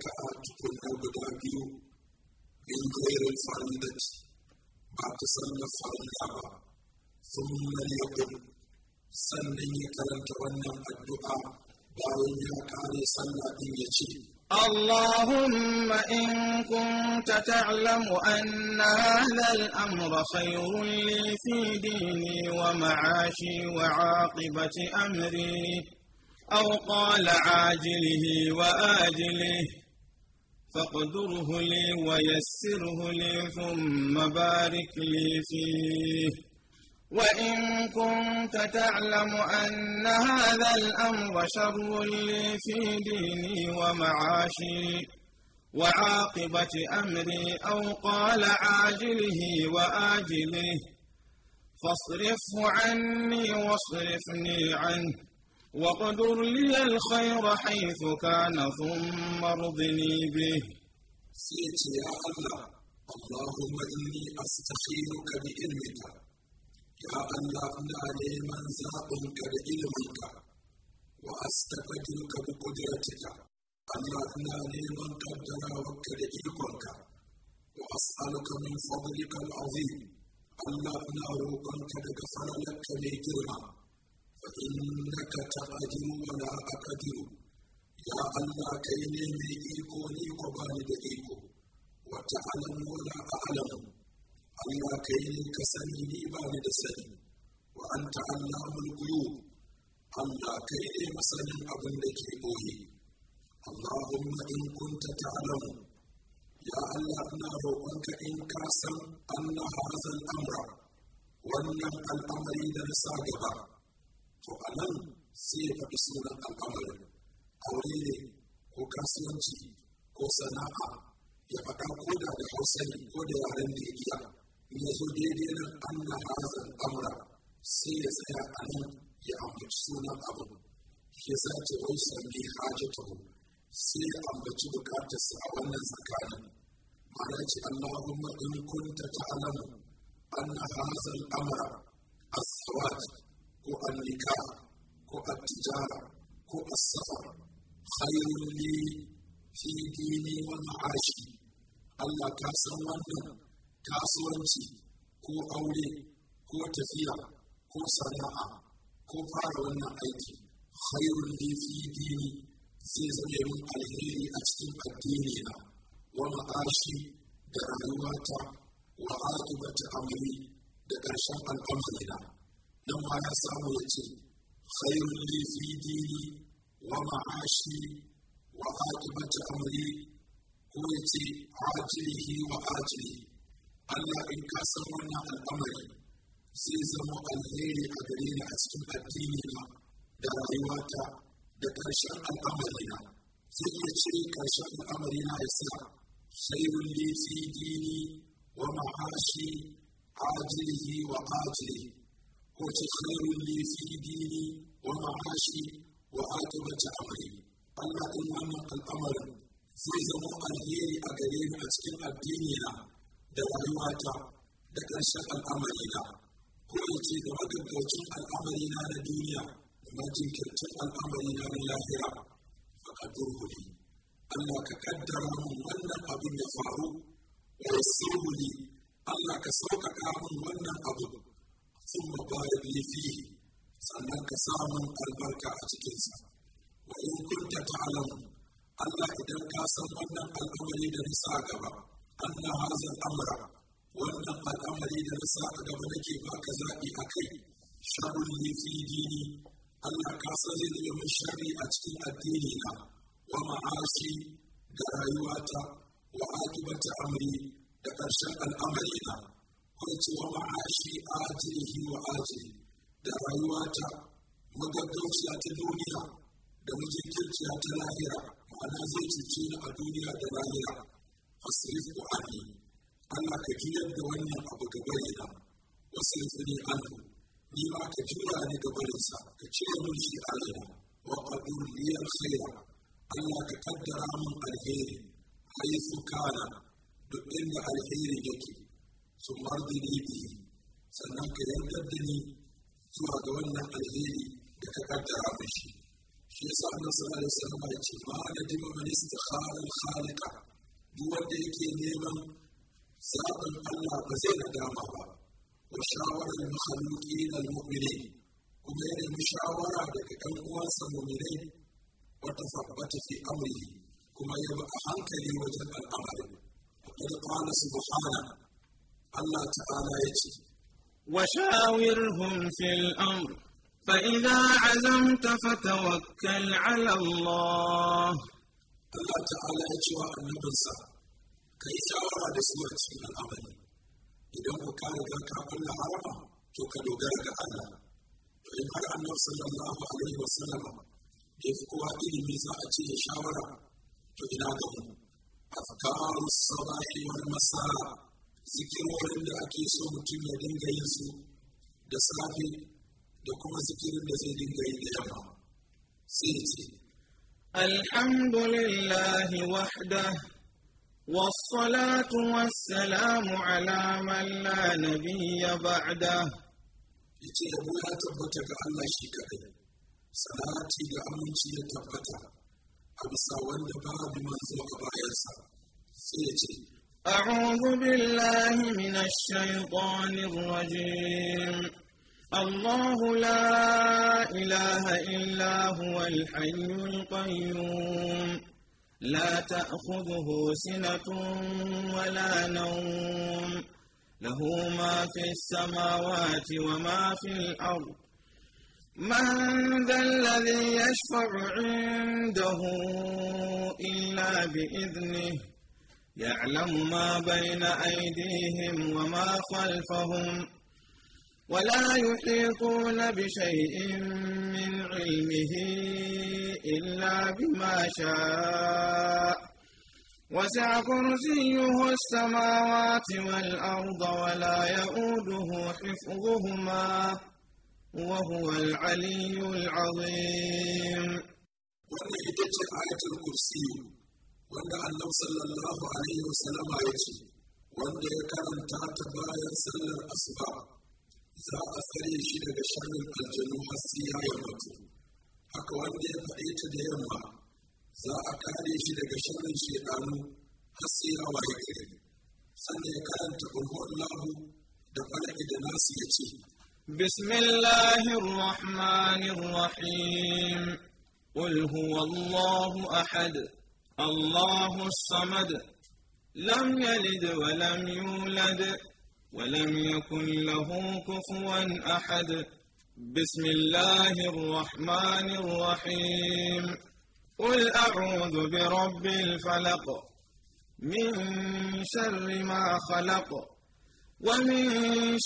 الركعات كلها بداقي من غير الفريضة بعد تصنف اللعبة ثم اليقظ سنني كلام ترنم الدعاء باوي كاري صلى بيتي اللهم إن كنت تعلم أن هذا الأمر خير لي في ديني ومعاشي وعاقبة أمري أو قال عاجله وآجله فاقدره لي ويسره لي ثم بارك لي فيه وإن كنت تعلم أن هذا الأمر شر لي في ديني ومعاشي وعاقبة أمري أو قال عاجله وآجله فاصرفه عني واصرفني عنه وقدر لي الخير حيث كان ثم ارضني به سيت يا الله اللهم إني أستخيرك بعلمك يا الله لي من زاقك بعلمك واستبدلك بقدرتك الله لي من قدر وكل إلكك وأسألك من فضلك العظيم الله نالي بك فلا لك ليجرها فإنك تقدر ولا أقدر يا الله كيني مي إيكو نيكو وتعلم ولا أعلم الله كيني كسني ني باني دسني وأنت علام القلوب الله كيني مسني أبن لكي اللهم إن كنت تعلم يا الله أنا روحك إن كاسم أن هذا الأمر وأن الأمر إذا نساقبه to a nan sai ya faɗi sunan al'amarin aure ne ko kasuwanci ko sana'a ya faɗa ko da da hausa ne ko da yaren da ya iya in ya zo daidai nan an na hazan amra sai ya tsaya a nan ya ambaci sunan abu ya sa ce wai sami hajjatahu sai ya ambaci bukatarsa a wannan tsakanin ma'ana ce allahumma in kunta ta'lamu anna hazan amra as-sawaj ko النكاح ko التجارة ko السفر خير لي في ديني ومعاشي Allah ka san wannan kasuwanci ko aure ko tafiya ko sana'a ko fara wannan aiki khairun li fi dini zai zama min alheri a cikin addini na wa ma'ashi da rayuwata wa aqibata amri da ƙarshen al'amari na دم على صعوتي خير لي في ديني ومعاشي وعاقبة أمري قوتي عاجله وآجله ألا إن كسرنا الأمر سيزم الغير أدرين أسكن الدين دراواتا دكرشان الأمرنا سيكشي كرشان الأمرنا إسلام خير لي في ديني ومعاشي عاجله وآجله وتخير لي في ديني ومعاشي وعاقبة أمري الله تنعم أمر في زمان الهيري أقريم أتكين الدينينا دعيواتا دكاشا الأمرينا كويتي دمكبوتون الأمرينا لدنيا وما تنكرتون الأمرينا للاهرة فقدره لي الله كقدر من أن أبو النفارو ويسره لي الله كسوك كامن ونن أبو ثم قال لي فيه سألناك سام البركة أتكيزا وإن كنت تعلم أن إذا كاسم أن الأمر إذا أن هذا الأمر وأن الأمر إذا نساء قبا نكي باكزا إحكي شر لي في ديني أن كاسم لي من شر أتكي الدينينا ومعاشي درايواتا وعاقبة أمري لقرشاء الأمرينا kuma ce wa ma'ashi ajilihi wa ajili da rayuwata magaggauciya ta duniya da mujinkirciya ta lahira ma'ana zai cuce ni a duniya da lahira fasirif ku ani ana ka juyar da wannan abu gaba yana wasirif ni anhu ni ma ka juya ni gabarinsa ka cire min shi a raina wa qadur liyal khaira Allah ka kaddara min alheri haythu kana duk inda alheri yake ثم ardini bihi sannan ka yarda da ni zuwa ga wannan alheri da ka kaddara mishi shi yasa Allah sallallahu alaihi wasallam ya ce ma nadima man istakhara al-khaliqa duk wanda yake neman sabon Allah ba zai nadama ba wa shawara al-makhluqin al-mu'minin kuma ya nemi shawara daga ɗan uwansa mu'minai wata tabbata fi amrihi kuma ya bi a hankali wajen al'amarin وقد قال سبحانه الله تعالى يجي وشاورهم في الأمر فإذا عزمت فتوكل على الله الله تعالى يجي وأن نبنسى كي شاور بسمة من الأمر إذا وكان ذاك أقل عربة توكل ذاك الله فإن قال النبي صلى الله عليه وسلم يفقوا إلمي زعتي شاورا فإلى أفكار الصباح والمساء zikirorin da ake so mutum ya dinga yin su da safe da kuma zikirin da zai dinga yi da yamma sai ce الحمد لله وحده والصلاة والسلام على من لا نبي بعده yace yabo ya tabbata ga Allah shi kaɗai salati da aminci ya tabbata a bisa wanda babu manzo a bayansa sai ya ce أعوذ بالله من الشيطان الرجيم الله لا إله إلا هو الحي القيوم لا تأخذه سنة ولا نوم له ما في السماوات وما في الأرض من ذا الذي يشفع عنده إلا بإذنه يعلم ما بين أيديهم وما خلفهم ولا يحيطون بشيء من علمه إلا بما شاء وسع كرسيه السماوات والأرض ولا يؤوده حفظهما وهو العلي العظيم الكرسي wanda annabi sallallahu alaihi wasallama ya ce wanda ya karanta ta bayan sallar asuba za a tsare shi daga sharrin aljanu har sai ya yi mutu haka wanda ya faɗe ta da yamma za a kare shi daga sharrin shedanu har sai ya waye gari sannan ya karanta Allahu da falaki da nasu ya ce بسم الله الرحمن الرحيم قل هو الله أحد الله الصمد لم يلد ولم يولد ولم يكن له كفوا احد بسم الله الرحمن الرحيم قل اعوذ برب الفلق من شر ما خلق ومن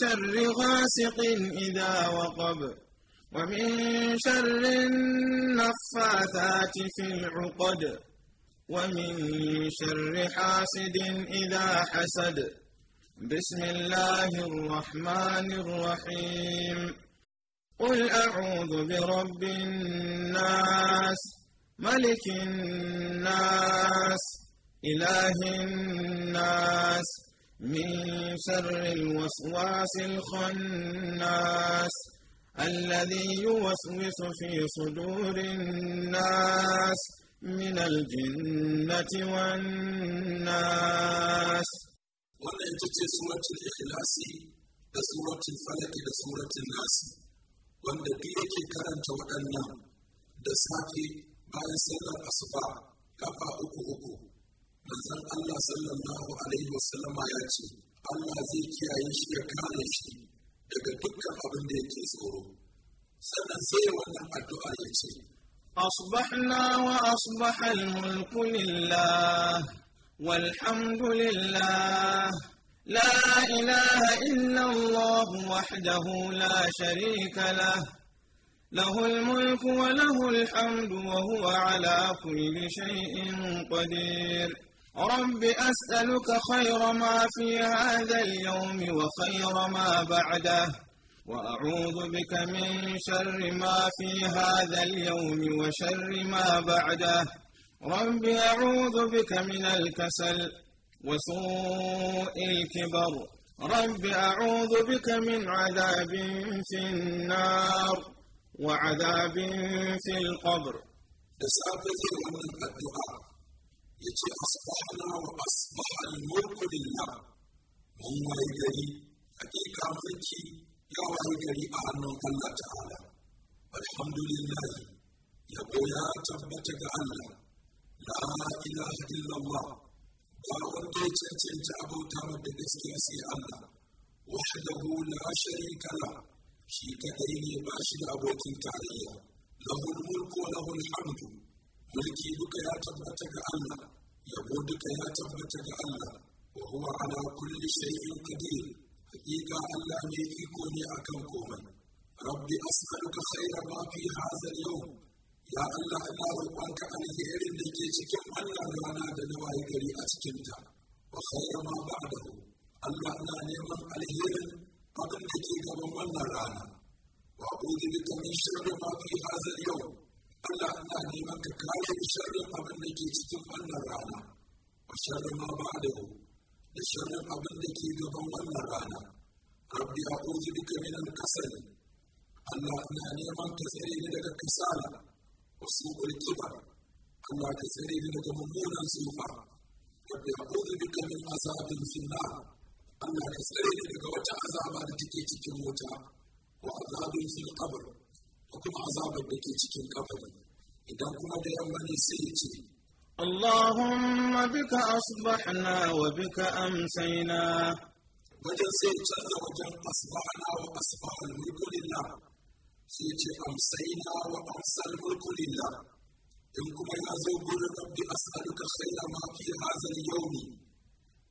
شر غاسق اذا وقب ومن شر النفاثات في العقد ومن شر حاسد إذا حسد بسم الله الرحمن الرحيم قل أعوذ برب الناس ملك الناس إله الناس من شر الوسواس الخناس الذي يوسوس في صدور الناس من الجنة والناس wannan ita ce suratul ikhlasi da suratul falaki da suratul nasi wanda duk yake karanta waɗannan da safe bayan sallar asuba kafa uku uku manzon Allah sallallahu alaihi wasallama ya ce Allah zai kiyaye shi ya kare shi daga dukkan abin da yake tsoro sannan sai wannan addu'a ya ce أصبحنا وأصبح الملك لله والحمد لله لا إله إلا الله وحده لا شريك له له الملك وله الحمد وهو على كل شيء قدير رب أسألك خير ما في هذا اليوم وخير ما بعده وأعوذ بك من شر ما في هذا اليوم وشر ما بعده رب أعوذ بك من الكسل وسوء الكبر رب أعوذ بك من عذاب في النار وعذاب في القبر يجي أصبحنا وأصبح الملك لله هم يدري حقيقة ya wayi gari a hannun Allah ta'ala alhamdulillah yabo ya tabbata ga Allah la ilaha illallah ba wanda ya cancanta abauta ma da gaskiya sai Allah wahdahu la sharika la shi kadai ne ba shi da abokin tarayya lahul mulku wa lahul hamdu mulki duka ya tabbata ga Allah yabo duka ya tabbata ga Allah wa huwa ala kulli shay'in qadir حقيقة ألا ميكيكوني أكوكوما ربي أسألك خير ما في هذا اليوم يا الله لا أنا روحانك الخير اللي ان لا رانا دنواي قري أتكنت وخير ما بعده الله لا نعم الخير قبل كيك ومن رانا وأعوذ بك من شر ما في هذا اليوم الله لا نعم كاكاية شر قبل كيتك ألا رانا وشر ما بعده da shirin abin da ke gaban wannan rana rabbi a ƙoji duka minan kasali allah ina neman ka tsare ni daga kasala wasu ulkiba allah ka tsare ni daga mummunan tsufa rabbi a ƙoji duka min azabin finna allah ka tsare ni daga wata azaba da take cikin wuta wa azabin fil qabr da kuma azabar da ke cikin kabari idan kuma da yamma ne sai ya ce اللهم بك أصبحنا وبك أمسينا وجل سي جل وجل أصبحنا وأصبح الملك لله سي أمسينا وأمسى الملك لله إن كما يزو رب أسألك خير ما في هذا اليوم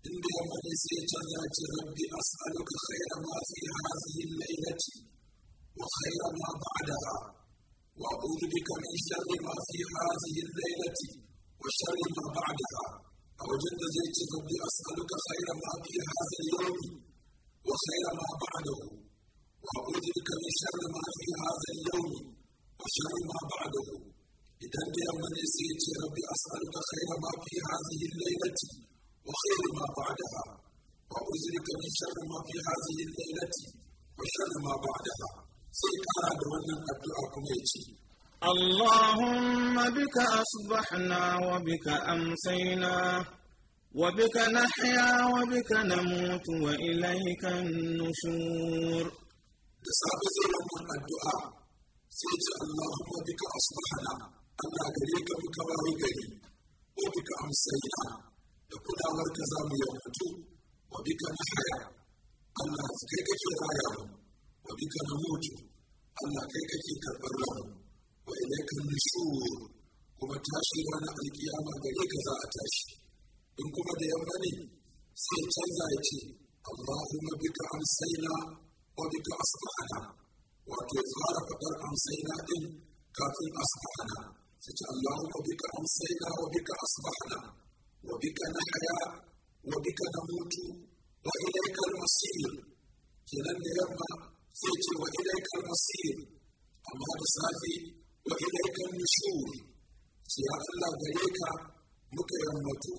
إن بيومني سي جل رب أسألك خير ما في هذه الليلة وخير ما بعدها وأعوذ بك من شر ما في هذه الليلة وشر ما بعدها أوجدت زيت ربي أسألك خير ما في هذا اليوم وخير ما بعده وأعوذ بك من شر ما في هذا اليوم وشر ما بعده إذا بأمن زيت ربي أسألك خير ما في هذه الليلة وخير ما بعدها وأعوذ بك من شر ما في هذه الليلة وشر ما بعدها سيكارا دوانا الدعاء كميتي اللهم بك أصبحنا وبك أمسينا وبك نحيا وبك نموت وإليك النشور تسابق لهم الدعاء سيد اللهم بك أصبحنا أنا غريك بك وهي وبك أمسينا لكل أمر كزام وبك نحيا أنا في رايهم وبك نموت أنا كيف كربلاهم وإليك النشور kuma tashi ranar alkiyama gare ka za a tashi in kuma da yamma ne sai canza ya ce Allahumma bika amsaina wa bika asbahana wato ya fara faɗar amsaina din kafin asbahana sai ce Allahumma bika amsaina wa bika asbahana wa bika nahya wa bika namutu wa ilayka al-masir kenan da yamma sai ce wa ilayka al-masir amma da safi وإليك النشور يا الله غريك muka yammatu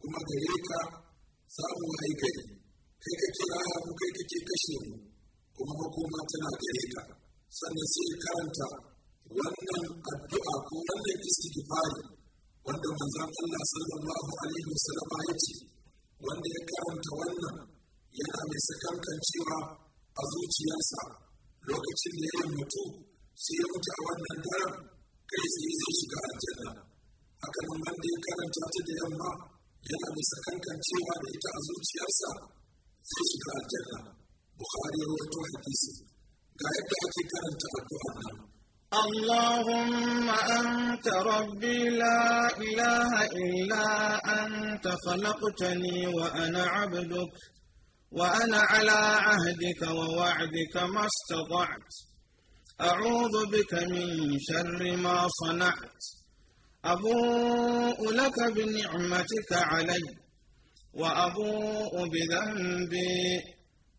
kuma gare ka samu wani gari kai kake raya mu kai kake kashe mu kuma makoma tana gare ka sannan sai karanta wannan addu'a ko wannan istighfari wanda manzon Allah sallallahu alaihi wasallam ya ce wanda ya karanta wannan yana mai sakankan cewa a zuciyarsa lokacin da ya mutu sai ya mutu a wannan daren kai sai zai shiga aljanna haka nan wanda ya karanta ta da yamma yana mai sakankan cewa da ita a zuciyarsa zai shiga aljanna bukhari ya rawaito hadisi ga yadda ake karanta addu'an nan اللهم أنت ربي لا إله إلا أنت خلقتني وأنا عبدك وأنا على عهدك ووعدك ما استطعت أعوذ بك من شر ما صنعت أبوء لك بنعمتك علي وأبوء بذنبي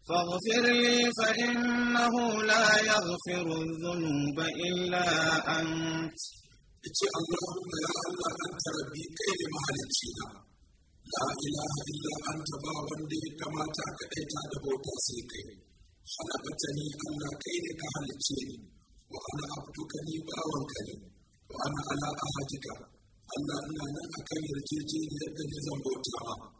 فاغفر لي فإنه لا يغفر الذنوب إلا أنت إتي اللهم يا الله أنت لا إله إلا أنت بابا لي كما تعكيت هذا هو خلقتني ألا كيدك هلتيني وأنا عبدك لي باونك ني وأنا على أهدك ألا أنا أكن يرجيني يبني ذنبوتها